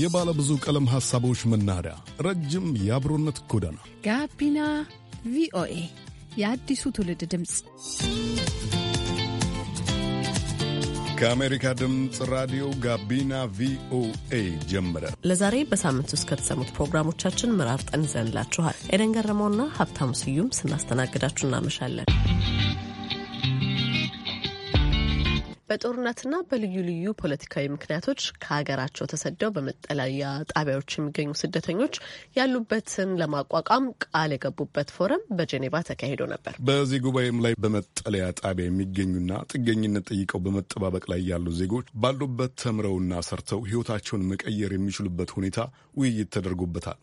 የባለ ብዙ ቀለም ሐሳቦች መናኸሪያ፣ ረጅም የአብሮነት ጎዳና ጋቢና ቪኦኤ የአዲሱ ትውልድ ድምፅ ከአሜሪካ ድምፅ ራዲዮ ጋቢና ቪኦኤ ጀምረ ለዛሬ በሳምንት ውስጥ ከተሰሙት ፕሮግራሞቻችን ጠን ይዘንላችኋል። ኤደን ገረመውና ሀብታሙ ስዩም ስናስተናግዳችሁ እናመሻለን። በጦርነትና በልዩ ልዩ ፖለቲካዊ ምክንያቶች ከሀገራቸው ተሰደው በመጠለያ ጣቢያዎች የሚገኙ ስደተኞች ያሉበትን ለማቋቋም ቃል የገቡበት ፎረም በጄኔቫ ተካሂዶ ነበር። በዚህ ጉባኤም ላይ በመጠለያ ጣቢያ የሚገኙና ጥገኝነት ጠይቀው በመጠባበቅ ላይ ያሉ ዜጎች ባሉበት ተምረውና ሰርተው ሕይወታቸውን መቀየር የሚችሉበት ሁኔታ ውይይት ተደርጎበታል።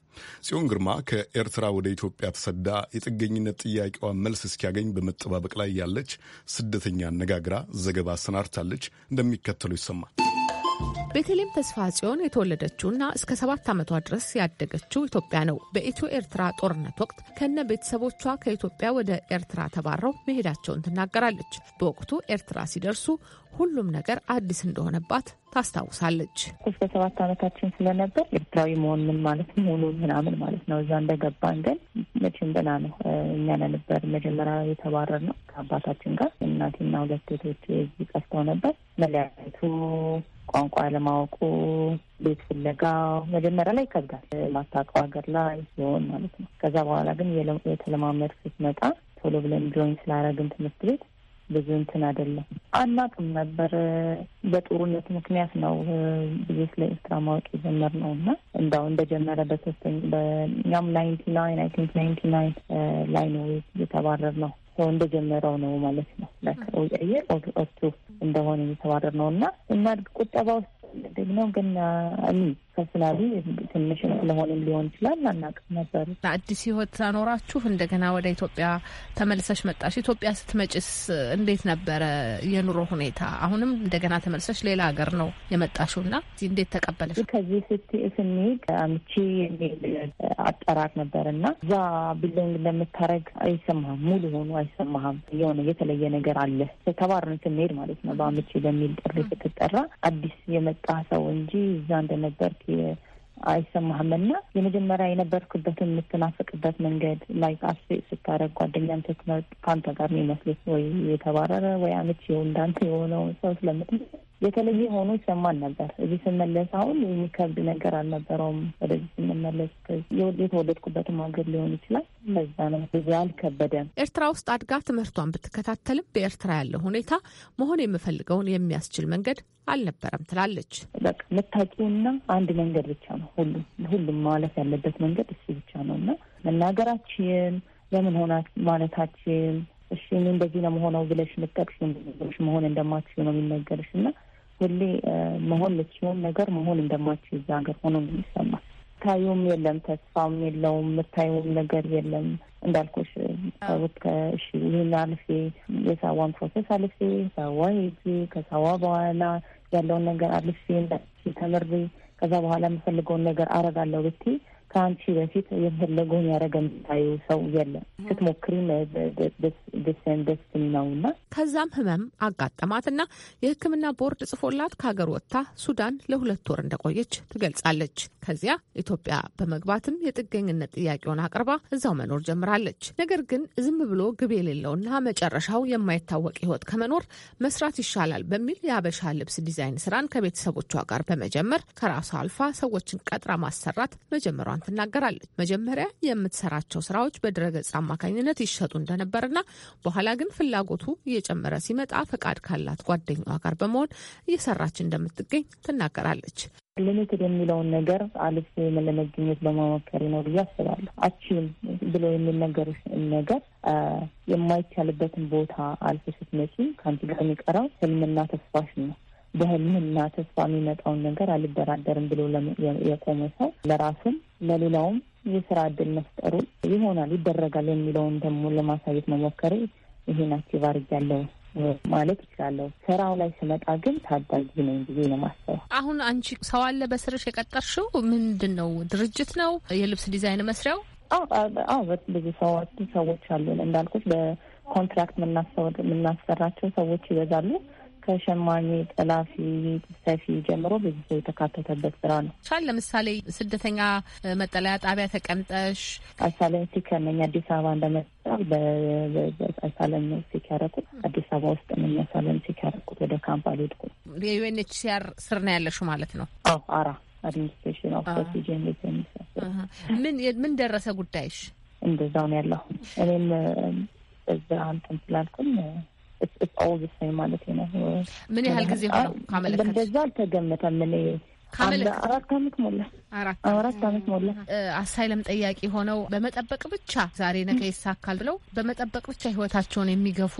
ጽዮን ግርማ ከኤርትራ ወደ ኢትዮጵያ ተሰዳ የጥገኝነት ጥያቄዋ መልስ እስኪያገኝ በመጠባበቅ ላይ ያለች ስደተኛ አነጋግራ ዘገባ አሰናድታለች። እንደሚከተለው ይሰማል። ቤተልሔም ተስፋ ጽዮን የተወለደችውና እስከ ሰባት ዓመቷ ድረስ ያደገችው ኢትዮጵያ ነው። በኢትዮ ኤርትራ ጦርነት ወቅት ከነ ቤተሰቦቿ ከኢትዮጵያ ወደ ኤርትራ ተባረው መሄዳቸውን ትናገራለች። በወቅቱ ኤርትራ ሲደርሱ ሁሉም ነገር አዲስ እንደሆነባት ታስታውሳለች። እስከ ሰባት ዓመታችን ስለነበር ኤርትራዊ መሆን ምን ማለት ሙሉ ምናምን ማለት ነው። እዛ እንደገባን ግን መቼም ገና ነው። እኛ ነበር መጀመሪያ የተባረር ነው ከአባታችን ጋር እናቴና ሁለት ቤቶች እዚህ ቀስተው ነበር መለያየቱ ቋንቋ ለማወቁ ቤት ፍለጋው መጀመሪያ ላይ ይከብዳል፣ ማታውቀው ሀገር ላይ ሲሆን ማለት ነው። ከዛ በኋላ ግን የተለማመድ ስትመጣ ቶሎ ብለን ጆይን ስላረግን ትምህርት ቤት ብዙ እንትን አይደለም አናውቅም ነበር። በጦርነት ምክንያት ነው ብዙ ስለ ኤርትራ ማወቅ ነው እና እንዳው እንደጀመረ በሶስተኛ በእኛም ናይንቲ ናይን አይ ቲንክ ናይንቲ ናይን ላይ ነው የተባረርነው ሰው እንደጀመረው ነው ማለት ነው። ለአየር ኦብቱ እንደሆነ እየተባረር ነው እና እና ቁጠባ ውስጥ ደግሞ ግን ሰው ትንሽ ትንሽም ሊሆን ይችላል አናውቅም ነበር። አዲስ ህይወት አኖራችሁ እንደገና ወደ ኢትዮጵያ ተመልሰሽ መጣሽ። ኢትዮጵያ ስትመጭስ እንዴት ነበረ የኑሮ ሁኔታ? አሁንም እንደገና ተመልሰሽ ሌላ ሀገር ነው የመጣሽው ና እንዴት ተቀበለሽ? ከዚህ ስት ስንሄድ አምቺ የሚል አጠራር ነበር እና እዛ ቢሎንግ እንደምታረግ አይሰማህም፣ ሙሉ ሆኑ አይሰማህም። የሆነ የተለየ ነገር አለ ተባርን ስንሄድ ማለት ነው። በአምቺ በሚል ጥሪ ስትጠራ አዲስ የመጣ ሰው እንጂ እዛ እንደነበር አይሰማህም እና የመጀመሪያ የነበርኩበትን የምትናፍቅበት መንገድ ላይ አስ ስታደረግ ጓደኛም ትክመ ከአንተ ጋር የሚመስሉት ወይ የተባረረ ወይ አመቺ እንዳንተ የሆነው ሰው ስለምት የተለየ ሆኖ ይሰማን ነበር። እዚህ ስመለስ አሁን የሚከብድ ነገር አልነበረውም። ወደዚህ ስንመለስ የተወለድኩበትም ሀገር ሊሆን ይችላል። ለዛ ነው ብዙ አልከበደም። ኤርትራ ውስጥ አድጋ ትምህርቷን ብትከታተልም በኤርትራ ያለው ሁኔታ መሆን የምፈልገውን የሚያስችል መንገድ አልነበረም ትላለች። በቃ የምታውቂውና አንድ መንገድ ብቻ ነው። ሁሉም ሁሉም ማለፍ ያለበት መንገድ እሱ ብቻ ነው እና መናገራችን ለምን ሆና ማለታችን እሺ እኔ እንደዚህ ነው መሆነው ብለሽ ምጠቅሽ ብለሽ መሆን እንደማትችል ነው የሚነገርሽ እና ሁሌ መሆን ልችለውን ነገር መሆን እንደማችው እዛ ሀገር ሆኖ ነው የሚሰማ። ታዩም የለም ተስፋም የለውም የምታዩም ነገር የለም። እንዳልኩሽ ሰዎች ከእሺ ይህን አልፌ የሳዋን ፕሮሰስ አልፌ ሳዋ ሄጂ ከሳዋ በኋላ ያለውን ነገር አልፌ ተምሬ ከዛ በኋላ የምፈልገውን ነገር አረጋለሁ ብቴ ከአንቺ በፊት የፈለገውን ያደረገ የምታዩ ሰው የለም። ስትሞክሪም ደስን ደስትን ነው እና ከዛም ህመም አጋጠማትና የህክምና ቦርድ ጽፎላት ከሀገር ወጥታ ሱዳን ለሁለት ወር እንደቆየች ትገልጻለች። ከዚያ ኢትዮጵያ በመግባትም የጥገኝነት ጥያቄውን አቅርባ እዛው መኖር ጀምራለች። ነገር ግን ዝም ብሎ ግብ የሌለውና መጨረሻው የማይታወቅ ህይወት ከመኖር መስራት ይሻላል በሚል የአበሻ ልብስ ዲዛይን ስራን ከቤተሰቦቿ ጋር በመጀመር ከራሷ አልፋ ሰዎችን ቀጥራ ማሰራት መጀመሯን ራሷን ትናገራለች። መጀመሪያ የምትሰራቸው ስራዎች በድረገጽ አማካኝነት ይሸጡ እንደነበርና በኋላ ግን ፍላጎቱ እየጨመረ ሲመጣ ፈቃድ ካላት ጓደኛዋ ጋር በመሆን እየሰራች እንደምትገኝ ትናገራለች። ሊሚትድ የሚለውን ነገር አልፍ ለመገኘት በመሞከር ነው ብዬ አስባለሁ። አቺም ብሎ የሚነገር ነገር የማይቻልበትን ቦታ አልፍ ስትመጪ ከአንቺ ጋር የሚቀረው ህልምና ተስፋሽ ነው። በህልምና ተስፋ የሚመጣውን ነገር አልደራደርም ብሎ የቆመ ሰው ለራሱም ለሌላውም የስራ እድል መፍጠሩ ይሆናል ይደረጋል የሚለውን ደግሞ ለማሳየት መሞከሬ ይሄን አክቲቭ አድርጊያለሁ ማለት ይችላለሁ። ስራው ላይ ስመጣ ግን ታዳጊ ነኝ ብዬ ነው አሁን አንቺ ሰው አለ በስርሽ የቀጠርሽው ምንድን ነው? ድርጅት ነው? የልብስ ዲዛይን መስሪያው? አዎ ብዙ ሰዎች ሰዎች አሉን እንዳልኩት በኮንትራክት የምናሰራቸው ሰዎች ይበዛሉ። ከሸማኔ፣ ጠላፊ፣ ሰፊ ጀምሮ ብዙ ሰው የተካተተበት ስራ ነው። ቻል ለምሳሌ ስደተኛ መጠለያ ጣቢያ ተቀምጠሽ አሳለም ሲክ አዲስ አበባ እንደመጣ በአሳለም ሲክ ያረኩት አዲስ አበባ ውስጥ ነኝ። አሳለም ሲክ ያረኩት ወደ ካምፕ አልሄድኩም። የዩኤንኤችሲአር ስር ነው ያለሽው ማለት ነው? አዎ አራ አድሚኒስትሬሽን ኦፍ ኦክሲጅን ምን ምን ደረሰ ጉዳይሽ? እንደዛው ነው ያለሁ እኔም እዛ አንተን ስላልኩም ማለት ነው። ምን ያህል ጊዜ ሆነው ካመለከት? እንደዛ አልተገመተም። እኔ አራት አመት ሞላ አራት አመት ሞላ። አሳይለም ጠያቂ ሆነው በመጠበቅ ብቻ ዛሬ ነገ ይሳካል ብለው በመጠበቅ ብቻ ህይወታቸውን የሚገፉ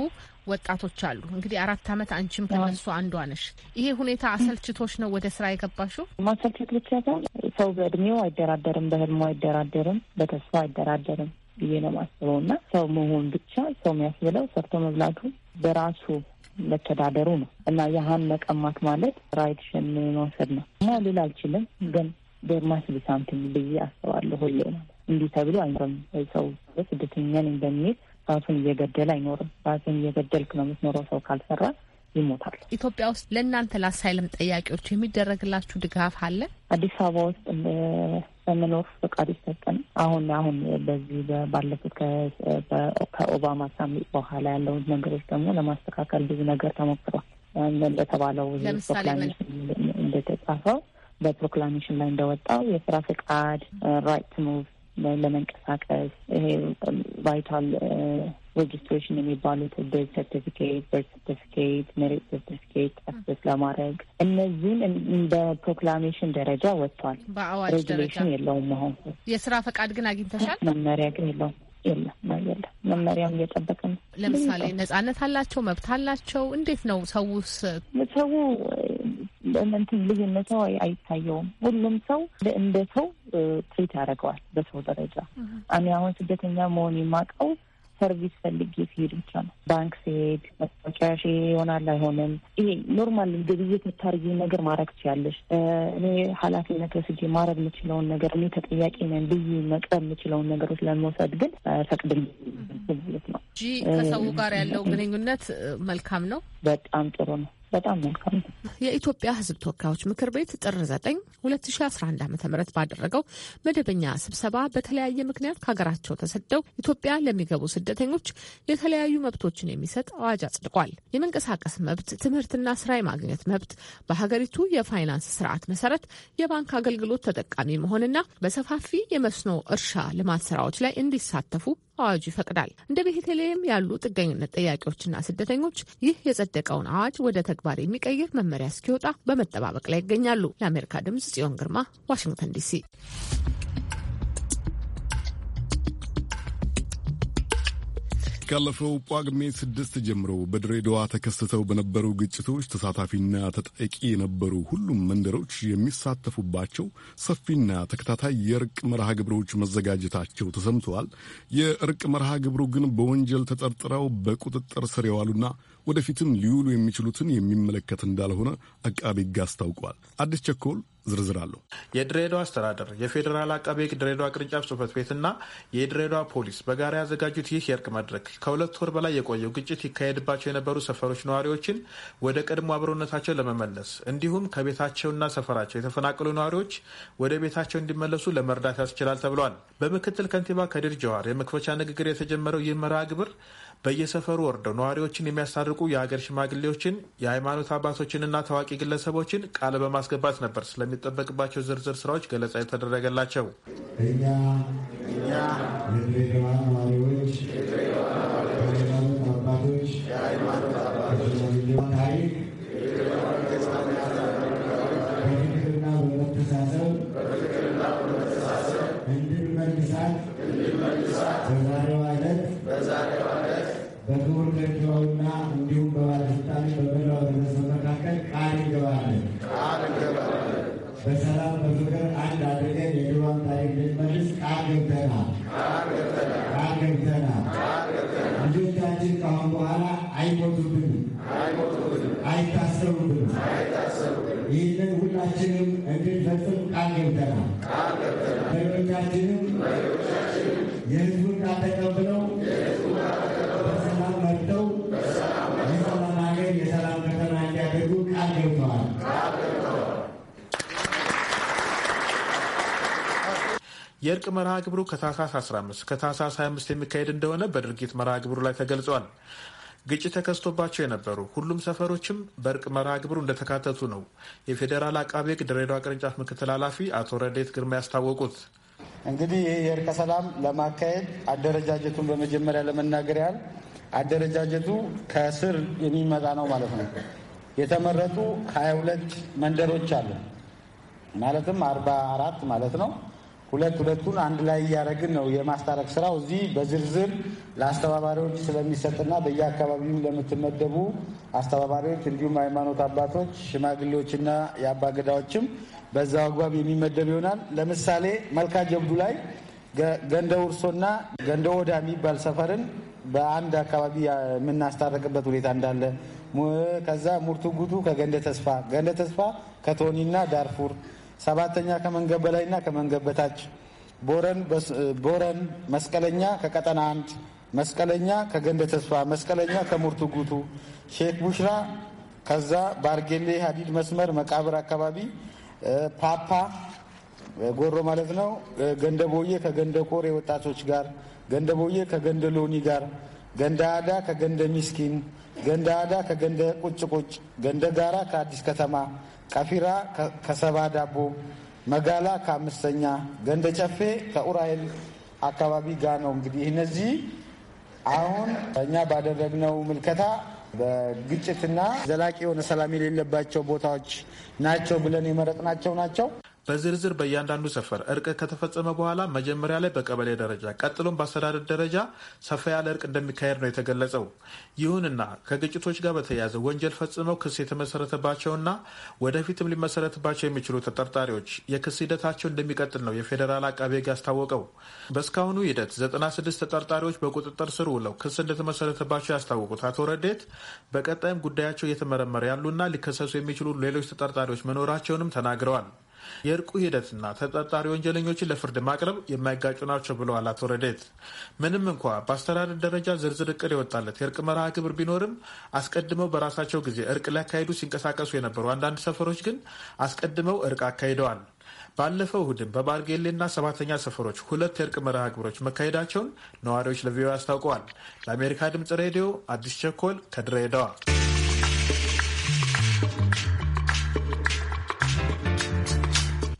ወጣቶች አሉ። እንግዲህ አራት አመት አንቺም ከነሱ አንዷ ነሽ። ይሄ ሁኔታ አሰልችቶች ነው ወደ ስራ የገባሽው? ማሰልችት ብቻ ሳይሆን ሰው በእድሜው አይደራደርም፣ በህልሙ አይደራደርም፣ በተስፋ አይደራደርም ብዬ ነው ማስበው እና ሰው መሆን ብቻ ሰው የሚያስብለው ሰርቶ መብላቱ በራሱ መተዳደሩ ነው እና ያህን መቀማት ማለት ራይድሽን መውሰድ ነው እና ሌላ አልችልም፣ ግን ዶርማስ ብሳምቲንግ ብዬ አስባለሁ። ሁሌ ማለት እንዲህ ተብሎ አይኖርም። ሰው ስደተኛን እንደሚል ራሱን እየገደል አይኖርም። ራሱን እየገደልክ ነው የምትኖረው ሰው ካልሰራ ይሞታል። ኢትዮጵያ ውስጥ ለእናንተ ለአሳይለም ጠያቂዎች የሚደረግላችሁ ድጋፍ አለ? አዲስ አበባ ውስጥ በመኖር ፈቃድ ይሰጠን። አሁን አሁን በዚህ ባለፉት ከኦባማ ሳሚት በኋላ ያለውን ነገሮች ደግሞ ለማስተካከል ብዙ ነገር ተሞክሯል። እንደተባለው እንደተጻፈው በፕሮክላሜሽን ላይ እንደወጣው የስራ ፈቃድ ራይት ሙቭ ለመንቀሳቀስ ይሄ ቫይታል ሬጅስትሬሽን የሚባሉት ብር ሰርቲፊኬት፣ በርዝ ሰርቲፊኬት፣ መሬት ሰርቲፊኬት አክሰስ ለማድረግ እነዚህን በፕሮክላሜሽን ደረጃ ወጥቷል። በአዋጅ ደረጃ የለውም። መሆን የስራ ፈቃድ ግን አግኝተሻል? መመሪያ ግን የለውም። የለም የለም። መመሪያም እየጠበቀ ነው። ለምሳሌ ነጻነት አላቸው፣ መብት አላቸው። እንዴት ነው ሰውስ ሰው እንትን ልዩነት አይታየውም። ሁሉም ሰው እንደ ሰው ትሪት ያደርገዋል በሰው ደረጃ። እኔ አሁን ስደተኛ መሆን የማውቀው ሰርቪስ ፈልጌ ሲሄድ ብቻ ነው። ባንክ ሲሄድ መስታወቂያሽ ይሆናል አይሆንም። ይሄ ኖርማል ግብይት የምታርጊ ነገር ማድረግ ትችያለሽ። እኔ ኃላፊነት ወስጄ ማድረግ የምችለውን ነገር እኔ ተጠያቂ ነን ብዬ መቅረብ የምችለውን ነገሮች ለመውሰድ ግን ፈቅድል ማለት ነው። ከሰው ጋር ያለው ግንኙነት መልካም ነው፣ በጣም ጥሩ ነው። በጣም መልካም ነው። የኢትዮጵያ ሕዝብ ተወካዮች ምክር ቤት ጥር 9 2011 ዓ ም ባደረገው መደበኛ ስብሰባ በተለያየ ምክንያት ከሀገራቸው ተሰደው ኢትዮጵያ ለሚገቡ ስደተኞች የተለያዩ መብቶችን የሚሰጥ አዋጅ አጽድቋል። የመንቀሳቀስ መብት፣ ትምህርትና ስራ የማግኘት መብት፣ በሀገሪቱ የፋይናንስ ስርዓት መሰረት የባንክ አገልግሎት ተጠቃሚ መሆንና በሰፋፊ የመስኖ እርሻ ልማት ስራዎች ላይ እንዲሳተፉ አዋጁ ይፈቅዳል። እንደ ቤተልሔም ያሉ ጥገኝነት ጠያቂዎችና ስደተኞች ይህ የጸደቀውን አዋጅ ወደ ተግባር የሚቀይር መመሪያ እስኪወጣ በመጠባበቅ ላይ ይገኛሉ። የአሜሪካ ድምጽ ጽዮን ግርማ፣ ዋሽንግተን ዲሲ ካለፈው ጳጉሜ ስድስት ጀምሮ በድሬዳዋ ተከስተው በነበሩ ግጭቶች ተሳታፊና ተጠቂ የነበሩ ሁሉም መንደሮች የሚሳተፉባቸው ሰፊና ተከታታይ የእርቅ መርሃ ግብሮች መዘጋጀታቸው ተሰምተዋል። የእርቅ መርሃ ግብሩ ግን በወንጀል ተጠርጥረው በቁጥጥር ስር የዋሉና ወደፊትም ሊውሉ የሚችሉትን የሚመለከት እንዳልሆነ አቃቤ ሕግ አስታውቋል። አዲስ ቸኮል ዝርዝር አለው። የድሬዳዋ አስተዳደር፣ የፌዴራል አቃቤ ሕግ ድሬዳዋ ቅርንጫፍ ጽህፈት ቤትና የድሬዳዋ ፖሊስ በጋራ ያዘጋጁት ይህ የእርቅ መድረክ ከሁለት ወር በላይ የቆየው ግጭት ይካሄድባቸው የነበሩ ሰፈሮች ነዋሪዎችን ወደ ቀድሞ አብሮነታቸው ለመመለስ እንዲሁም ከቤታቸውና ሰፈራቸው የተፈናቀሉ ነዋሪዎች ወደ ቤታቸው እንዲመለሱ ለመርዳት ያስችላል ተብሏል። በምክትል ከንቲባ ከድር ጀዋር የመክፈቻ ንግግር የተጀመረው ይህ መርሃ ግብር በየሰፈሩ ወርደው ነዋሪዎችን የሚያስታርቁ የሀገር ሽማግሌዎችን፣ የሃይማኖት አባቶችንና ታዋቂ ግለሰቦችን ቃል በማስገባት ነበር ስለሚጠበቅባቸው ዝርዝር ስራዎች ገለጻ የተደረገላቸው። ይመልሳል። በዛሬዋ ዕለት በክቡር ከንቲባውና እንዲሁም በባለስልጣን በመላው ህብረተሰብ መካከል ቃል እንገባለን። በሰላም በፍቅር አንድ አድርገን የድሮን ታሪክ ልንመልስ ቃል ገብተናል። ቃል ገብተናል። ልጆቻችን ከአሁን በኋላ አይሞቱብንም፣ አይታሰቡብንም ይህንን ሁላችንም እንድንፈጽም ቃል ገብተናል። ቃል ተቀብለው በሰላም መርተው የሰላም ሀገር፣ የሰላም ከተማ እንዲያደርጉ ቃል ገብተዋል። የእርቅ መርሃ ግብሩ ከታህሳስ 15 ከታህሳስ 25 የሚካሄድ እንደሆነ በድርጊት መርሃ ግብሩ ላይ ተገልጿል። ግጭት ተከስቶባቸው የነበሩ ሁሉም ሰፈሮችም በእርቅ መርሃ ግብሩ እንደተካተቱ ነው የፌዴራል አቃቤ ሕግ ድሬዳዋ ቅርንጫፍ ምክትል ኃላፊ አቶ ረዴት ግርማ ያስታወቁት። እንግዲህ ይህ የእርቀ ሰላም ለማካሄድ አደረጃጀቱን በመጀመሪያ ለመናገር ያህል አደረጃጀቱ ከስር የሚመጣ ነው ማለት ነው። የተመረጡ 22 መንደሮች አሉ ማለትም 44 ማለት ነው ሁለት ሁለቱን አንድ ላይ እያደረግን ነው የማስታረቅ ስራው። እዚህ በዝርዝር ለአስተባባሪዎች ስለሚሰጥና በየአካባቢው ለምትመደቡ አስተባባሪዎች እንዲሁም ሃይማኖት አባቶች፣ ሽማግሌዎችና የአባገዳዎችም በዛ በዛው አግባብ የሚመደብ ይሆናል። ለምሳሌ መልካ ጀብዱ ላይ ገንደ ውርሶና ገንደ ወዳ የሚባል ሰፈርን በአንድ አካባቢ የምናስታረቅበት ሁኔታ እንዳለ፣ ከዛ ሙርቱጉቱ ከገንደ ተስፋ ገንደ ተስፋ ከቶኒና ዳርፉር ሰባተኛ ከመንገድ በላይና ከመንገድ በታች ቦረን መስቀለኛ ከቀጠና አንድ መስቀለኛ ከገንደ ተስፋ መስቀለኛ ከሙርቱ ጉቱ ሼክ ቡሽራ ከዛ ባርጌሌ ሀዲድ መስመር መቃብር አካባቢ ፓፓ ጎሮ ማለት ነው። ገንደቦዬ ከገንደ ቆሬ ወጣቶች ጋር ገንደቦዬ ከገንደ ሎኒ ጋር ገንደ አዳ ከገንደ ሚስኪን፣ ገንደ አዳ ከገንደ ቁጭ ቁጭ ገንደ ጋራ ከአዲስ ከተማ፣ ቀፊራ ከሰባ ዳቦ፣ መጋላ ከአምስተኛ፣ ገንደ ጨፌ ከኡራኤል አካባቢ ጋር ነው። እንግዲህ እነዚህ አሁን እኛ ባደረግነው ምልከታ በግጭትና ዘላቂ የሆነ ሰላም የሌለባቸው ቦታዎች ናቸው ብለን የመረጥናቸው ናቸው። በዝርዝር በእያንዳንዱ ሰፈር እርቅ ከተፈጸመ በኋላ መጀመሪያ ላይ በቀበሌ ደረጃ ቀጥሎም በአስተዳደር ደረጃ ሰፋ ያለ እርቅ እንደሚካሄድ ነው የተገለጸው። ይሁንና ከግጭቶች ጋር በተያያዘ ወንጀል ፈጽመው ክስ የተመሰረተባቸውና ወደፊትም ሊመሰረትባቸው የሚችሉ ተጠርጣሪዎች የክስ ሂደታቸው እንደሚቀጥል ነው የፌዴራል አቃቤ ሕግ ያስታወቀው። በእስካሁኑ ሂደት 96 ተጠርጣሪዎች በቁጥጥር ስር ውለው ክስ እንደተመሰረተባቸው ያስታወቁት አቶ ረዴት በቀጣይም ጉዳያቸው እየተመረመረ ያሉና ሊከሰሱ የሚችሉ ሌሎች ተጠርጣሪዎች መኖራቸውንም ተናግረዋል። የእርቁ ሂደትና ተጠርጣሪ ወንጀለኞችን ለፍርድ ማቅረብ የማይጋጩ ናቸው ብለዋል አቶ ረዴት። ምንም እንኳ በአስተዳደር ደረጃ ዝርዝር እቅድ የወጣለት የእርቅ መርሃ ግብር ቢኖርም አስቀድመው በራሳቸው ጊዜ እርቅ ሊያካሂዱ ሲንቀሳቀሱ የነበሩ አንዳንድ ሰፈሮች ግን አስቀድመው እርቅ አካሂደዋል። ባለፈው እሁድም በባርጌሌና ሰባተኛ ሰፈሮች ሁለት የእርቅ መርሃ ግብሮች መካሄዳቸውን ነዋሪዎች ለቪኦኤ አስታውቀዋል። ለአሜሪካ ድምጽ ሬዲዮ አዲስ ቸኮል ከድሬዳዋ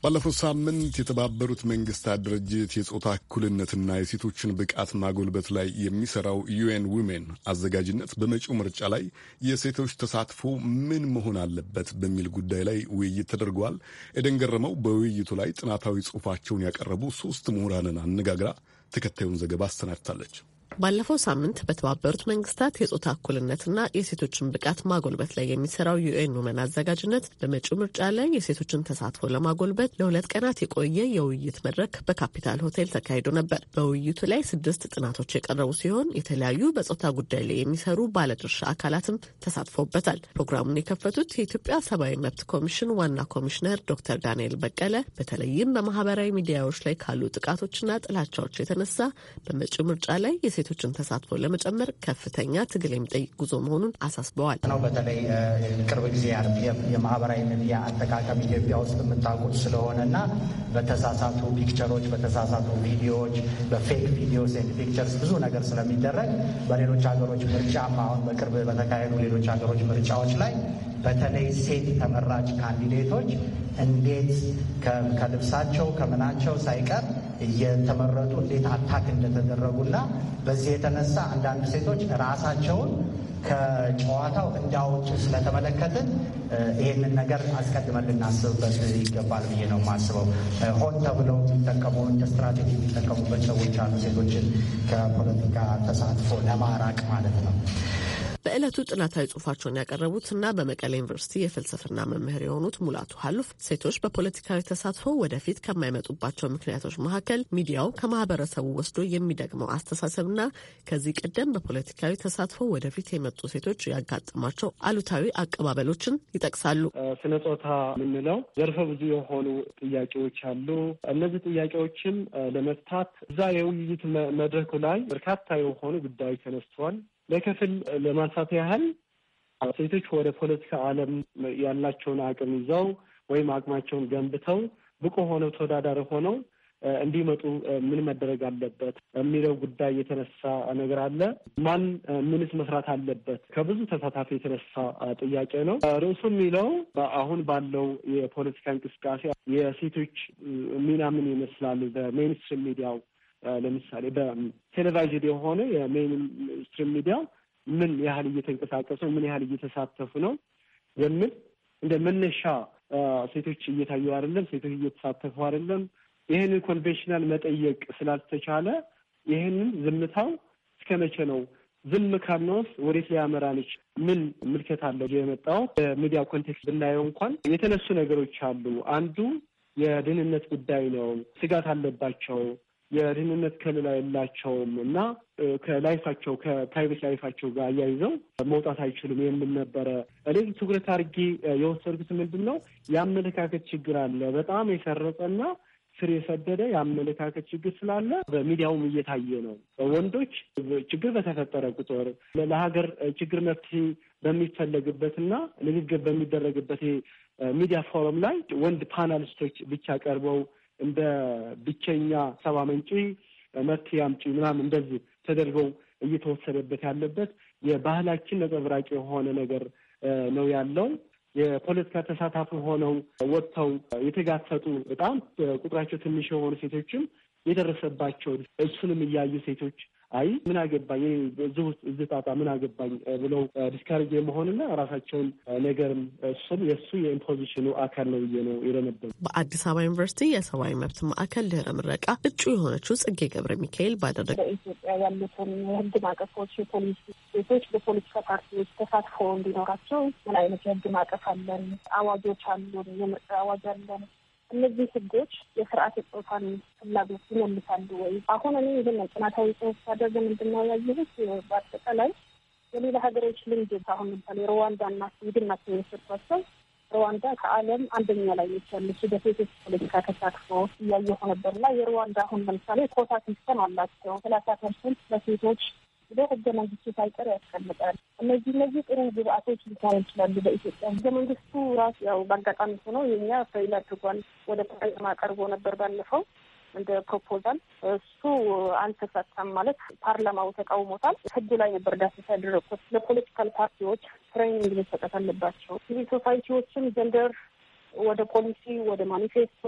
ባለፈው ሳምንት የተባበሩት መንግስታት ድርጅት የጾታ እኩልነትና የሴቶችን ብቃት ማጎልበት ላይ የሚሰራው ዩኤን ዊሜን አዘጋጅነት በመጪው ምርጫ ላይ የሴቶች ተሳትፎ ምን መሆን አለበት በሚል ጉዳይ ላይ ውይይት ተደርጓል። ኤደን ገረመው በውይይቱ ላይ ጥናታዊ ጽሑፋቸውን ያቀረቡ ሶስት ምሁራንን አነጋግራ ተከታዩን ዘገባ አሰናድታለች። ባለፈው ሳምንት በተባበሩት መንግስታት የጾታ እኩልነትና የሴቶችን ብቃት ማጎልበት ላይ የሚሰራው ዩኤን ውመን አዘጋጅነት በመጪው ምርጫ ላይ የሴቶችን ተሳትፎ ለማጎልበት ለሁለት ቀናት የቆየ የውይይት መድረክ በካፒታል ሆቴል ተካሂዶ ነበር። በውይይቱ ላይ ስድስት ጥናቶች የቀረቡ ሲሆን የተለያዩ በጾታ ጉዳይ ላይ የሚሰሩ ባለድርሻ አካላትም ተሳትፎበታል። ፕሮግራሙን የከፈቱት የኢትዮጵያ ሰብአዊ መብት ኮሚሽን ዋና ኮሚሽነር ዶክተር ዳንኤል በቀለ በተለይም በማህበራዊ ሚዲያዎች ላይ ካሉ ጥቃቶችና ጥላቻዎች የተነሳ በመጪው ምርጫ ላይ የሴቶችን ተሳትፎ ለመጨመር ከፍተኛ ትግል የሚጠይቅ ጉዞ መሆኑን አሳስበዋል። ነው በተለይ ቅርብ ጊዜ የማህበራዊ ሚዲያ አጠቃቀም ኢትዮጵያ ውስጥ የምታውቁት ስለሆነና በተሳሳቱ ፒክቸሮች፣ በተሳሳቱ ቪዲዮዎች፣ በፌክ ቪዲዮስ ኤንድ ፒክቸርስ ብዙ ነገር ስለሚደረግ በሌሎች ሀገሮች ምርጫም አሁን በቅርብ በተካሄዱ ሌሎች ሀገሮች ምርጫዎች ላይ በተለይ ሴት ተመራጭ ካንዲዴቶች እንዴት ከልብሳቸው ከምናቸው ሳይቀር እየተመረጡ እንዴት አታክ እንደተደረጉና በዚህ የተነሳ አንዳንድ ሴቶች ራሳቸውን ከጨዋታው እንዳወጡ ስለተመለከትን ይህንን ነገር አስቀድመን ልናስብበት ይገባል ብዬ ነው የማስበው። ሆን ተብለው የሚጠቀሙ እንደ ስትራቴጂ የሚጠቀሙበት ሰዎች አሉ፣ ሴቶችን ከፖለቲካ ተሳትፎ ለማራቅ ማለት ነው። በዕለቱ ጥናታዊ ጽሁፋቸውን እና በመቀሌ ዩኒቨርሲቲ የፍልስፍና መምህር የሆኑት ሙላቱ ሀሉፍ ሴቶች በፖለቲካዊ ተሳትፎ ወደፊት ከማይመጡባቸው ምክንያቶች መካከል ሚዲያው ከማህበረሰቡ ወስዶ የሚደግመው አስተሳሰብና ከዚህ ቀደም በፖለቲካዊ ተሳትፎ ወደፊት የመጡ ሴቶች ያጋጥሟቸው አሉታዊ አቀባበሎችን ይጠቅሳሉ። ስነ ጾታ የምንለው ዘርፈ ብዙ የሆኑ ጥያቄዎች አሉ። እነዚህ ጥያቄዎችም ለመፍታት እዛ የውይይት መድረኩ ላይ በርካታ የሆኑ ጉዳዮች ተነስተዋል። በክፍል ለማንሳት ያህል ሴቶች ወደ ፖለቲካ ዓለም ያላቸውን አቅም ይዘው ወይም አቅማቸውን ገንብተው ብቁ ሆነው ተወዳዳሪ ሆነው እንዲመጡ ምን መደረግ አለበት የሚለው ጉዳይ የተነሳ ነገር አለ። ማን ምንስ መስራት አለበት? ከብዙ ተሳታፊ የተነሳ ጥያቄ ነው። ርዕሱ የሚለው አሁን ባለው የፖለቲካ እንቅስቃሴ የሴቶች ሚና ምን ይመስላል? በሜንስትሪም ሚዲያው ለምሳሌ በቴሌቪዥን የሆነ የሜን ስትሪም ሚዲያ ምን ያህል እየተንቀሳቀሱ ምን ያህል እየተሳተፉ ነው የሚል እንደ መነሻ ሴቶች እየታዩ አይደለም፣ ሴቶች እየተሳተፉ አይደለም። ይህንን ኮንቬንሽናል መጠየቅ ስላልተቻለ ይህንን ዝምታው እስከ መቼ ነው? ዝም ካልነውስ ወዴት ሊያመራንች? ምን ምልከት አለው? የመጣው በሚዲያ ኮንቴክስት ብናየው እንኳን የተነሱ ነገሮች አሉ። አንዱ የደህንነት ጉዳይ ነው። ስጋት አለባቸው የደህንነት ከለላ የላቸውም እና ከላይፋቸው ከፕራይቬት ላይፋቸው ጋር አያይዘው መውጣት አይችሉም የሚል ነበረ። እኔ ትኩረት አድርጌ የወሰድኩት ምንድን ነው የአመለካከት ችግር አለ። በጣም የሰረጸና ስር የሰደደ የአመለካከት ችግር ስላለ በሚዲያውም እየታየ ነው። ወንዶች ችግር በተፈጠረ ቁጥር ለሀገር ችግር መፍትሄ በሚፈለግበትና ንግግር በሚደረግበት ሚዲያ ፎረም ላይ ወንድ ፓናሊስቶች ብቻ ቀርበው እንደ ብቸኛ ሰባ መንጪ መት ያምጪ ምናምን እንደዚህ ተደርገው እየተወሰደበት ያለበት የባህላችን ነጸብራቂ የሆነ ነገር ነው ያለው። የፖለቲካ ተሳታፊ ሆነው ወጥተው የተጋፈጡ በጣም ቁጥራቸው ትንሽ የሆኑ ሴቶችም የደረሰባቸው እሱንም እያዩ ሴቶች አይ ምን አገባኝ እዚህ ውስጥ እዚህ ጣጣ ምን አገባኝ ብለው ዲስካሬጅ የመሆንና ራሳቸውን ነገርም እሱም የእሱ የኢምፖዚሽኑ አካል ነው ብዬ ነው የለነበሩ። በአዲስ አበባ ዩኒቨርሲቲ የሰብአዊ መብት ማዕከል ድህረ ምረቃ እጩ የሆነችው ጽጌ ገብረ ሚካኤል ባደረገ በኢትዮጵያ ያሉትን የህግ ማዕቀፎች የፖሊሲ ቤቶች በፖለቲካ ፓርቲዎች ተሳትፎ እንዲኖራቸው ምን አይነት የህግ ማዕቀፍ አለን? አዋጆች አሉን? የምርጫ አዋጅ አለን እነዚህ ህጎች የስርዓት የጾታን ፍላጎት ይመልሳሉ ወይ? አሁን እኔ ይህን ጥናታዊ ጽሁፍ ሳደርግ ምንድነው ያየሁት በአጠቃላይ የሌላ ሀገሮች ልምድ አሁን ለምሳሌ ሩዋንዳና ስዊድን ናቸው የወሰድኳቸው። ሩዋንዳ ከዓለም አንደኛ ላይ ያለች በሴቶች ፖለቲካ ተሳትፎ እያየሁ ነበር እና የሩዋንዳ አሁን ለምሳሌ ኮታ ሲስተም አላቸው። ሰላሳ ፐርሰንት ለሴቶች ብሎ ህገ መንግስቱ ሳይቀር ያስቀምጣል። እነዚህ እነዚህ ጥሩ ግብአቶች ሊሆኑ ይችላሉ። በኢትዮጵያ ህገ መንግስቱ ራሱ ያው በአጋጣሚ ሆኖ የኛ ፈይል አድርጓል ወደ ፓርላማ ቀርቦ ነበር ባለፈው እንደ ፕሮፖዛል እሱ አልተሳካም። ማለት ፓርላማው ተቃውሞታል። ህጉ ላይ ነበር ዳሰሳ ያደረግኩት። ለፖለቲካል ፓርቲዎች ትሬኒንግ መሰጠት አለባቸው። ሲቪል ሶሳይቲዎችም ጀንደር ወደ ፖሊሲ ወደ ማኒፌስቶ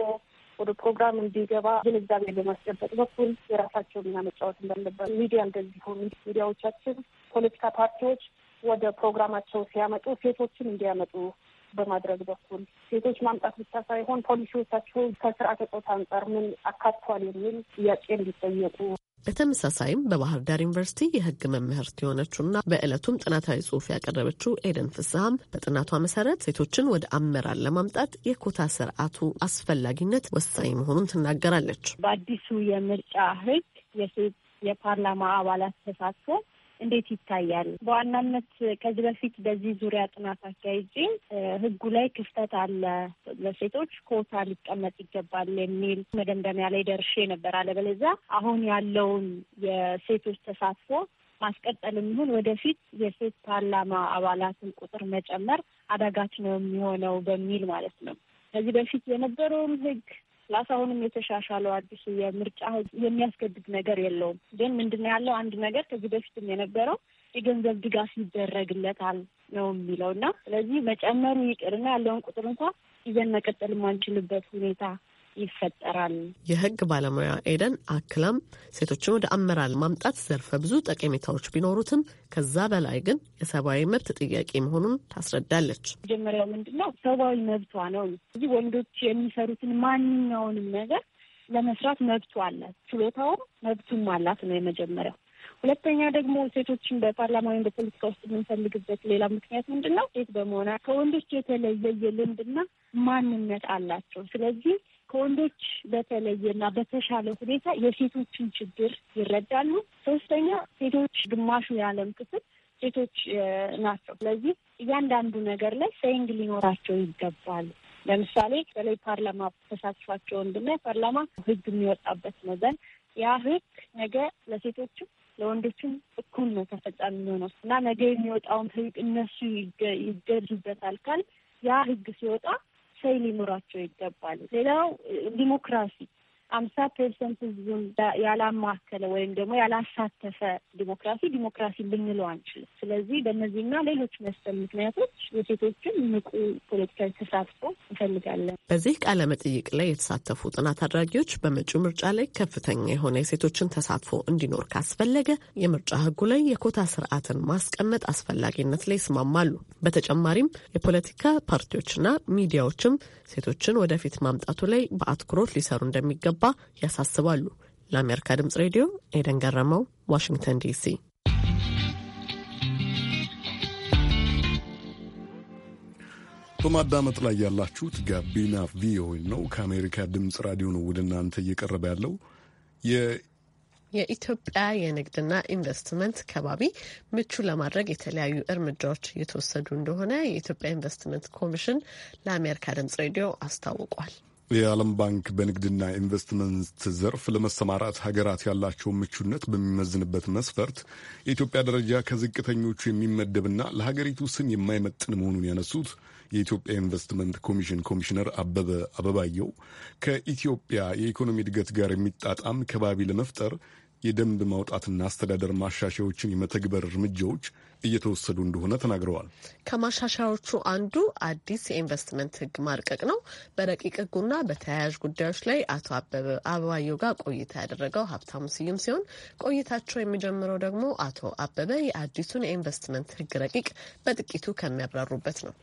ወደ ፕሮግራም እንዲገባ ግንዛቤ በማስጨበጥ በኩል የራሳቸው ሚና መጫወት እንዳለበት ሚዲያ እንደዚህ ሆኑ ሚዲያዎቻችን ፖለቲካ ፓርቲዎች ወደ ፕሮግራማቸው ሲያመጡ ሴቶችን እንዲያመጡ በማድረግ በኩል ሴቶች ማምጣት ብቻ ሳይሆን ፖሊሲዎቻቸው ከስርዓተ ፆታ አንጻር ምን አካቷል የሚል ጥያቄ እንዲጠየቁ በተመሳሳይም በባህር ዳር ዩኒቨርሲቲ የህግ መምህርት የሆነችውና በዕለቱም ጥናታዊ ጽሁፍ ያቀረበችው ኤደን ፍስሀም በጥናቷ መሰረት ሴቶችን ወደ አመራር ለማምጣት የኮታ ስርዓቱ አስፈላጊነት ወሳኝ መሆኑን ትናገራለች። በአዲሱ የምርጫ ህግ የሴት የፓርላማ አባላት ተሳትፎ እንዴት ይታያል? በዋናነት ከዚህ በፊት በዚህ ዙሪያ ጥናት አካሄጄ ህጉ ላይ ክፍተት አለ፣ ለሴቶች ኮታ ሊቀመጥ ይገባል የሚል መደምደሚያ ላይ ደርሼ ነበር። አለበለዚያ አሁን ያለውን የሴቶች ተሳትፎ ማስቀጠልም ይሁን ወደፊት የሴት ፓርላማ አባላትን ቁጥር መጨመር አዳጋች ነው የሚሆነው በሚል ማለት ነው። ከዚህ በፊት የነበረውን ህግ ፕላስ አሁንም የተሻሻለው አዲሱ የምርጫ ህግ የሚያስገድድ ነገር የለውም። ግን ምንድነው ያለው አንድ ነገር ከዚህ በፊትም የነበረው የገንዘብ ድጋፍ ይደረግለታል ነው የሚለው እና ስለዚህ መጨመሩ ይቅርና ያለውን ቁጥር እንኳ ይዘን መቀጠል የማንችልበት ሁኔታ ይፈጠራል። የህግ ባለሙያ ኤደን አክላም ሴቶችን ወደ አመራር ማምጣት ዘርፈ ብዙ ጠቀሜታዎች ቢኖሩትም ከዛ በላይ ግን የሰብአዊ መብት ጥያቄ መሆኑን ታስረዳለች። መጀመሪያው ምንድነው? ሰብአዊ መብቷ ነው። እዚህ ወንዶች የሚሰሩትን ማንኛውንም ነገር ለመስራት መብቱ አለ፣ ችሎታውም መብቱም አላት ነው የመጀመሪያው። ሁለተኛ ደግሞ ሴቶችን በፓርላማ ወይም በፖለቲካ ውስጥ የምንፈልግበት ሌላ ምክንያት ምንድን ነው? ሴት በመሆና ከወንዶች የተለየ የልምድና ማንነት አላቸው። ስለዚህ ከወንዶች በተለየና በተሻለ ሁኔታ የሴቶችን ችግር ይረዳሉ። ሶስተኛ ሴቶች ግማሹ የዓለም ክፍል ሴቶች ናቸው። ስለዚህ እያንዳንዱ ነገር ላይ ሰይንግ ሊኖራቸው ይገባል። ለምሳሌ በተለይ ፓርላማ ተሳትፏቸውን ብናይ ፓርላማ ህግ የሚወጣበት ነው። ዘንድ ያ ህግ ነገ ለሴቶችም ለወንዶችም እኩል ነው ተፈጻሚ የሚሆነው እና ነገ የሚወጣውን ህግ እነሱ ይገዙበታል ካል ያ ህግ ሲወጣ ወሳኝ ሊኖራቸው ይገባል። ሌላው ዲሞክራሲ አምሳ ፐርሰንት ህዝቡን ያላማከለ ወይም ደግሞ ያላሳተፈ ዲሞክራሲ ዲሞክራሲ ልንለው አንችልም። ስለዚህ በእነዚህና ሌሎች መሰል ምክንያቶች የሴቶችን ንቁ ፖለቲካዊ ተሳትፎ እንፈልጋለን። በዚህ ቃለ መጠይቅ ላይ የተሳተፉ ጥናት አድራጊዎች በመጪው ምርጫ ላይ ከፍተኛ የሆነ የሴቶችን ተሳትፎ እንዲኖር ካስፈለገ የምርጫ ህጉ ላይ የኮታ ስርዓትን ማስቀመጥ አስፈላጊነት ላይ ይስማማሉ። በተጨማሪም የፖለቲካ ፓርቲዎችና ሚዲያዎችም ሴቶችን ወደፊት ማምጣቱ ላይ በአትኩሮት ሊሰሩ እንደሚገባ እንደሚገባ ያሳስባሉ። ለአሜሪካ ድምጽ ሬዲዮ ኤደን ገረመው፣ ዋሽንግተን ዲሲ። በማዳመጥ ላይ ያላችሁት ጋቢና ቪኦኤ ነው። ከአሜሪካ ድምፅ ራዲዮ ነው ወደ እናንተ እየቀረበ ያለው። የኢትዮጵያ የንግድና ኢንቨስትመንት ከባቢ ምቹ ለማድረግ የተለያዩ እርምጃዎች እየተወሰዱ እንደሆነ የኢትዮጵያ ኢንቨስትመንት ኮሚሽን ለአሜሪካ ድምፅ ሬዲዮ አስታውቋል። የዓለም ባንክ በንግድና ኢንቨስትመንት ዘርፍ ለመሰማራት ሀገራት ያላቸውን ምቹነት በሚመዝንበት መስፈርት የኢትዮጵያ ደረጃ ከዝቅተኞቹ የሚመደብና ለሀገሪቱ ስም የማይመጥን መሆኑን ያነሱት የኢትዮጵያ ኢንቨስትመንት ኮሚሽን ኮሚሽነር አበበ አበባየው ከኢትዮጵያ የኢኮኖሚ እድገት ጋር የሚጣጣም ከባቢ ለመፍጠር የደንብ ማውጣትና አስተዳደር ማሻሻዎችን የመተግበር እርምጃዎች እየተወሰዱ እንደሆነ ተናግረዋል። ከማሻሻያዎቹ አንዱ አዲስ የኢንቨስትመንት ህግ ማርቀቅ ነው። በረቂቅ ህጉና በተያያዥ ጉዳዮች ላይ አቶ አበበ አበባየው ጋር ቆይታ ያደረገው ሀብታሙ ስዩም ሲሆን ቆይታቸው የሚጀምረው ደግሞ አቶ አበበ የአዲሱን የኢንቨስትመንት ህግ ረቂቅ በጥቂቱ ከሚያብራሩበት ነው።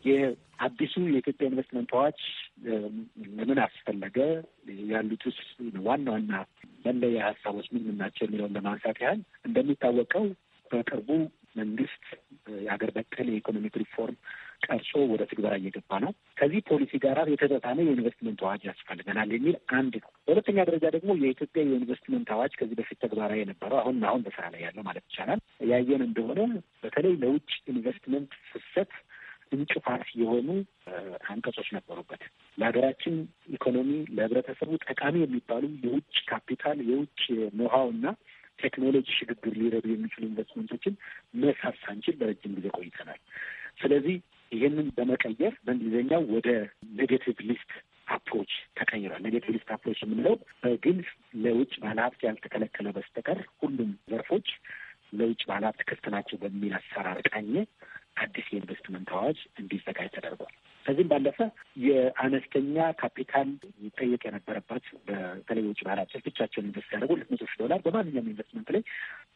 አዲሱ የኢትዮጵያ ኢንቨስትመንት አዋጅ ለምን አስፈለገ? ያሉት ውስጥ ዋና ዋና መለያ ሀሳቦች ምን ምን ናቸው የሚለውን ለማንሳት ያህል እንደሚታወቀው በቅርቡ መንግስት የሀገር በቀል የኢኮኖሚክ ሪፎርም ቀርጾ ወደ ትግበራ እየገባ ነው። ከዚህ ፖሊሲ ጋር የተጠታነ የኢንቨስትመንት አዋጅ ያስፈልገናል የሚል አንድ ነው። በሁለተኛ ደረጃ ደግሞ የኢትዮጵያ የኢንቨስትመንት አዋጅ ከዚህ በፊት ተግባራዊ የነበረው አሁን አሁን በስራ ላይ ያለው ማለት ይቻላል ያየን እንደሆነ በተለይ ለውጭ ኢንቨስትመንት ፍሰት እንቅፋት የሆኑ አንቀጾች ነበሩበት። ለሀገራችን ኢኮኖሚ ለህብረተሰቡ ጠቃሚ የሚባሉ የውጭ ካፒታል የውጭ ኖሃው እና ቴክኖሎጂ ሽግግር ሊረዱ የሚችሉ ኢንቨስትመንቶችን መሳብ ሳንችል በረጅም ጊዜ ቆይተናል። ስለዚህ ይህንን በመቀየር በእንግሊዝኛው ወደ ኔጌቲቭ ሊስት አፕሮች ተቀይሯል። ኔጌቲቭ ሊስት አፕሮች የምንለው በግልጽ ለውጭ ባለሀብት ያልተከለከለ በስተቀር ሁሉም ዘርፎች ለውጭ ባለሀብት ክፍት ናቸው በሚል አሰራር ቃኘ አዲስ የኢንቨስትመንት አዋጅ እንዲዘጋጅ ተደርጓል። ከዚህም ባለፈ የአነስተኛ ካፒታል ይጠየቅ የነበረባት በተለይ ውጭ ባለ ብቻቸውን ኢንቨስት ያደረጉ ሁለት መቶ ሺህ ዶላር በማንኛውም ኢንቨስትመንት ላይ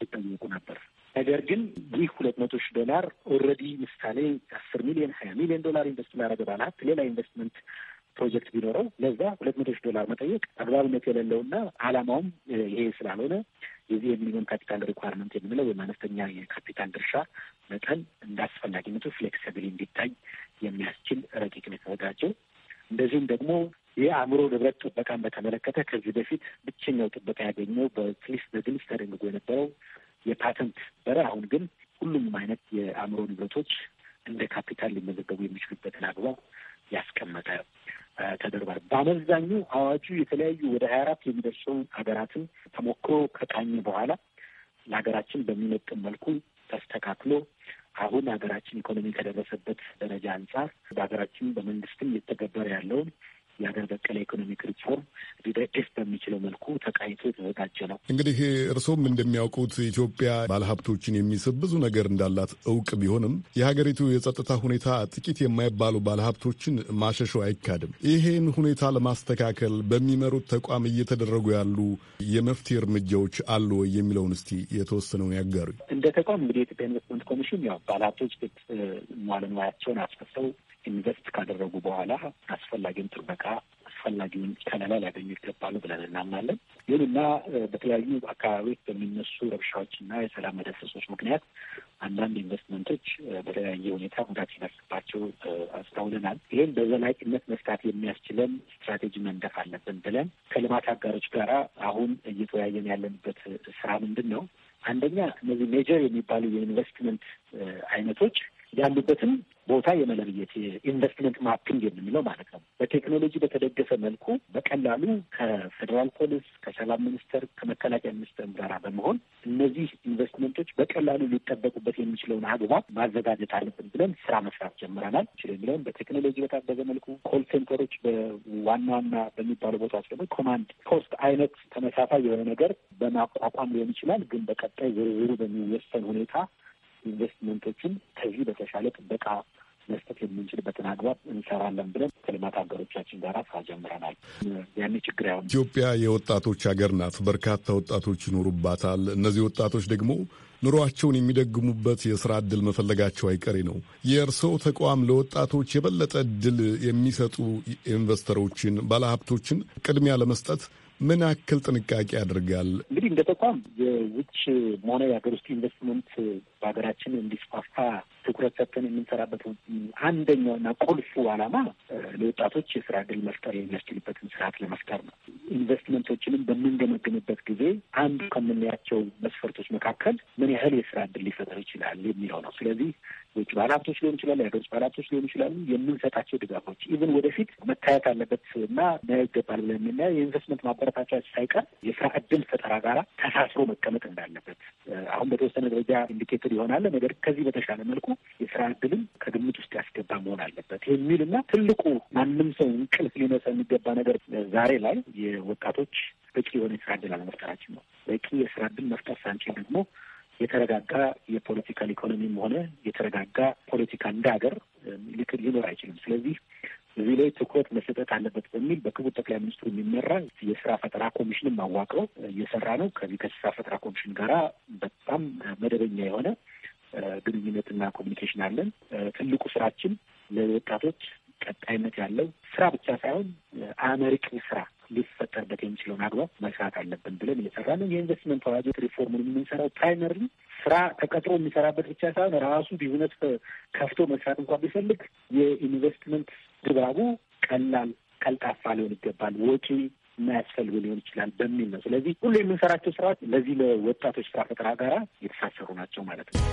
ይጠየቁ ነበር። ነገር ግን ይህ ሁለት መቶ ሺህ ዶላር ኦልሬዲ ምሳሌ አስር ሚሊዮን ሀያ ሚሊዮን ዶላር ኢንቨስት ላደረገ ባለ ሌላ ኢንቨስትመንት ፕሮጀክት ቢኖረው ለዛ ሁለት መቶ ሺህ ዶላር መጠየቅ አግባብነት የሌለውና አላማውም ይሄ ስላልሆነ የዚህ የሚኒመም ካፒታል ሪኳርመንት የምንለው ወይም አነስተኛ የካፒታል ድርሻ መጠን እንደ አስፈላጊነቱ ፍሌክሲብል እንዲታይ የሚያስችል ረቂቅ ነው የተዘጋጀው። እንደዚሁም ደግሞ የአእምሮ ንብረት ጥበቃን በተመለከተ ከዚህ በፊት ብቸኛው ጥበቃ ያገኘው በትሊስ በግልጽ ተደንግጎ የነበረው የፓተንት በረ አሁን ግን ሁሉም አይነት የአእምሮ ንብረቶች እንደ ካፒታል ሊመዘገቡ የሚችሉበትን አግባብ ያስቀመጠ ተደርጓል። በአመዛኙ አዋጁ የተለያዩ ወደ ሀያ አራት የሚደርሱ ሀገራትን ተሞክሮ ከቃኘ በኋላ ለሀገራችን በሚመጥን መልኩ ተስተካክሎ አሁን ሀገራችን ኢኮኖሚ ከደረሰበት ደረጃ አንጻር በሀገራችን በመንግስትም እየተገበረ ያለውን የሀገር በቀል ኢኮኖሚክ ሪፎርም ሊደግፍ በሚችለው መልኩ ተቃይቶ የተዘጋጀ ነው። እንግዲህ እርስዎም እንደሚያውቁት ኢትዮጵያ ባለሀብቶችን የሚስብ ብዙ ነገር እንዳላት እውቅ ቢሆንም የሀገሪቱ የጸጥታ ሁኔታ ጥቂት የማይባሉ ባለሀብቶችን ማሸሾ አይካድም። ይሄን ሁኔታ ለማስተካከል በሚመሩት ተቋም እየተደረጉ ያሉ የመፍትሄ እርምጃዎች አሉ ወይ የሚለውን እስቲ የተወሰነውን ያጋሩ። እንደ ተቋም እንግዲህ የኢትዮጵያ ኢንቨስትመንት ኮሚሽን ያው ባለሀብቶች ግጥ መዋለ ንዋያቸውን አስፈሰው ኢንቨስት ካደረጉ በኋላ አስፈላጊውን ጥበቃ አስፈላጊውን ከለላ ሊያገኙ ይገባሉ ብለን እናምናለን። ይሁንና በተለያዩ አካባቢዎች በሚነሱ ረብሻዎችና የሰላም መደሰሶች ምክንያት አንዳንድ ኢንቨስትመንቶች በተለያየ ሁኔታ ጉዳት ሲደርስባቸው አስተውለናል። ይህም በዘላቂነት መፍታት የሚያስችለን ስትራቴጂ መንደፍ አለብን ብለን ከልማት አጋሮች ጋራ አሁን እየተወያየን ያለንበት ስራ ምንድን ነው? አንደኛ እነዚህ ሜጀር የሚባሉ የኢንቨስትመንት አይነቶች ያሉበትን ቦታ የመለብየት የኢንቨስትመንት ማፒንግ የምንለው ማለት ነው። በቴክኖሎጂ በተደገፈ መልኩ በቀላሉ ከፌዴራል ፖሊስ፣ ከሰላም ሚኒስቴር፣ ከመከላከያ ሚኒስቴር ጋር በመሆን እነዚህ ኢንቨስትመንቶች በቀላሉ ሊጠበቁበት የሚችለውን አግባብ ማዘጋጀት አለብን ብለን ስራ መስራት ጀምረናል። ችል የሚለውን በቴክኖሎጂ በታገዘ መልኩ ኮል ሴንተሮች በዋና ዋና በሚባሉ ቦታዎች ደግሞ ኮማንድ ፖስት አይነት ተመሳሳይ የሆነ ነገር በማቋቋም ሊሆን ይችላል። ግን በቀጣይ ዝርዝሩ በሚወሰን ሁኔታ ኢንቨስትመንቶችን ከዚህ በተሻለ ጥበቃ መስጠት የምንችልበትን አግባብ እንሰራለን ብለን ከልማት ሀገሮቻችን ጋር ስራ ጀምረናል። ችግር ያሁን ኢትዮጵያ የወጣቶች ሀገር ናት። በርካታ ወጣቶች ይኖሩባታል። እነዚህ ወጣቶች ደግሞ ኑሯቸውን የሚደግሙበት የስራ እድል መፈለጋቸው አይቀሬ ነው። የእርስዎ ተቋም ለወጣቶች የበለጠ እድል የሚሰጡ ኢንቨስተሮችን፣ ባለሀብቶችን ቅድሚያ ለመስጠት ምን ያክል ጥንቃቄ ያደርጋል? እንግዲህ እንደ ተቋም የውጭ መሆነ የሀገር ውስጥ ኢንቨስትመንት በሀገራችን እንዲስፋፋ ትኩረት ሰጥተን የምንሰራበት አንደኛውና ቁልፉ ዓላማ ለወጣቶች የስራ እድል መፍጠር የሚያስችልበትን ስርዓት ለመፍጠር ነው። ኢንቨስትመንቶችንም በምንገመግምበት ጊዜ አንዱ ከምናያቸው መስፈርቶች መካከል ምን ያህል የስራ እድል ሊፈጠር ይችላል የሚለው ነው። ስለዚህ የውጭ ባለሀብቶች ሊሆን ይችላል፣ የሀገር ውስጥ ባለሀብቶች ሊሆን ይችላሉ። የምንሰጣቸው ድጋፎች ኢቭን ወደፊት መታየት አለበት እና ና ይገባል ብለን የምናየው የኢንቨስትመንት ማበረታቻ ሳይቀር የስራ እድል ፈጠራ ጋራ ተሳስሮ መቀመጥ እንዳለበት አሁን በተወሰነ ደረጃ ኢንዲኬተር ይሆናል። ነገር ከዚህ በተሻለ መልኩ የስራ እድልም ከግምት ውስጥ ያስገባ መሆን አለበት የሚል እና ትልቁ ማንም ሰው እንቅልፍ ሊነሳ የሚገባ ነገር ዛሬ ላይ የወጣቶች በቂ የሆነ የስራ እድል አለመፍጠራችን ነው። በቂ የስራ እድል መፍጠር ሳንችል ደግሞ የተረጋጋ የፖለቲካል ኢኮኖሚም ሆነ የተረጋጋ ፖለቲካ እንደ ሀገር ልክል ሊኖር አይችልም። ስለዚህ እዚህ ላይ ትኩረት መሰጠት አለበት በሚል በክቡር ጠቅላይ ሚኒስትሩ የሚመራ የስራ ፈጠራ ኮሚሽንም አዋቅረው እየሰራ ነው። ከዚህ ከስራ ፈጠራ ኮሚሽን ጋራ በጣም መደበኛ የሆነ ግንኙነትና ኮሚኒኬሽን አለን። ትልቁ ስራችን ለወጣቶች ቀጣይነት ያለው ስራ ብቻ ሳይሆን አመርቂ ስራ ሊፈጠርበት የሚችለውን አግባብ መስራት አለብን ብለን እየሰራ የኢንቨስትመንት አዋጆች ሪፎርሙን የምንሰራው ፕራይመሪ ስራ ተቀጥሮ የሚሰራበት ብቻ ሳይሆን ራሱ ቢዝነስ ከፍቶ መስራት እንኳን ቢፈልግ የኢንቨስትመንት ድባቡ ቀላል፣ ቀልጣፋ ሊሆን ይገባል ወጪ የማያስፈልገው ሊሆን ይችላል በሚል ነው። ስለዚህ ሁሉ የምንሰራቸው ስራዎች ለዚህ ለወጣቶች ስራ ፈጠራ ጋራ የተሳሰሩ ናቸው ማለት ነው።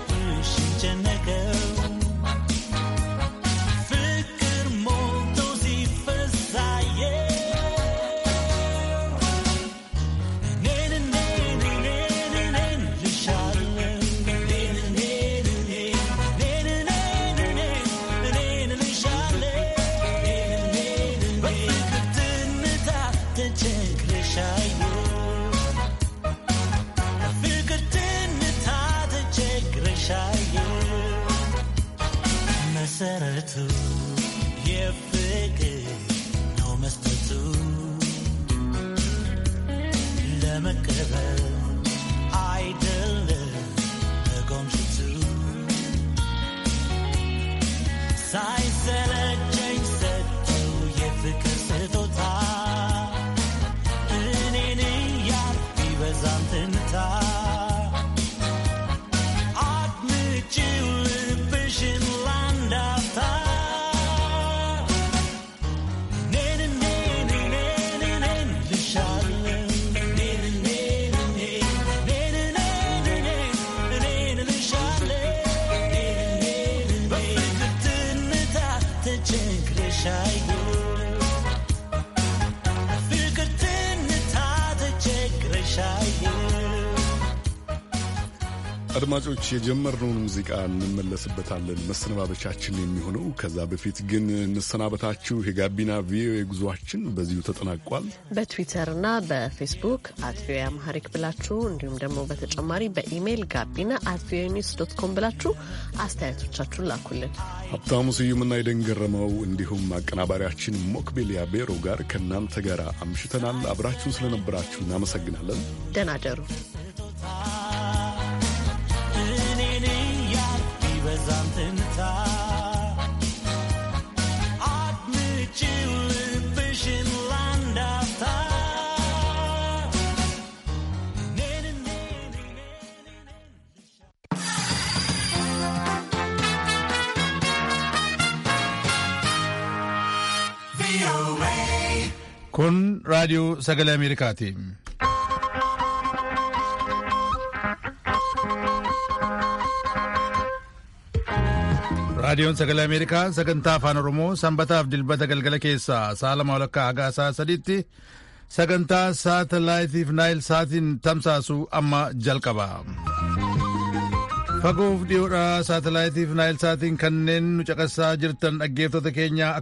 አድማጮች የጀመርነውን ሙዚቃ እንመለስበታለን መሰነባበቻችን የሚሆነው። ከዛ በፊት ግን እንሰናበታችሁ። የጋቢና ቪኦኤ ጉዟችን በዚሁ ተጠናቋል። በትዊተርና በፌስቡክ አት ቪኦኤ አማሐሪክ ብላችሁ እንዲሁም ደግሞ በተጨማሪ በኢሜይል ጋቢና አት ቪኦኤ ኒውስ ዶት ኮም ብላችሁ አስተያየቶቻችሁን ላኩልን። ሀብታሙ ስዩምና የደንገረመው እንዲሁም አቀናባሪያችን ሞክቤሊያ ቤሮ ጋር ከእናንተ ጋር አምሽተናል። አብራችሁን ስለነበራችሁ እናመሰግናለን። ደናደሩ Kun raadiyoo sagalee Ameerikaati. Raadiyoon sagalee Ameerikaa sagantaa afaan Oromoo sanbataaf dilbata galgala keessaa Saalama walakkaa haga sa'a sadiitti sagantaa saatalaayitiif naayil saatiin tamsaasu amma jalqaba. Fagoof dhiyoodhaa saatalaayitiif naayil saatiin kanneen nu caqasaa jirtan dhaggeeftoota keenyaa.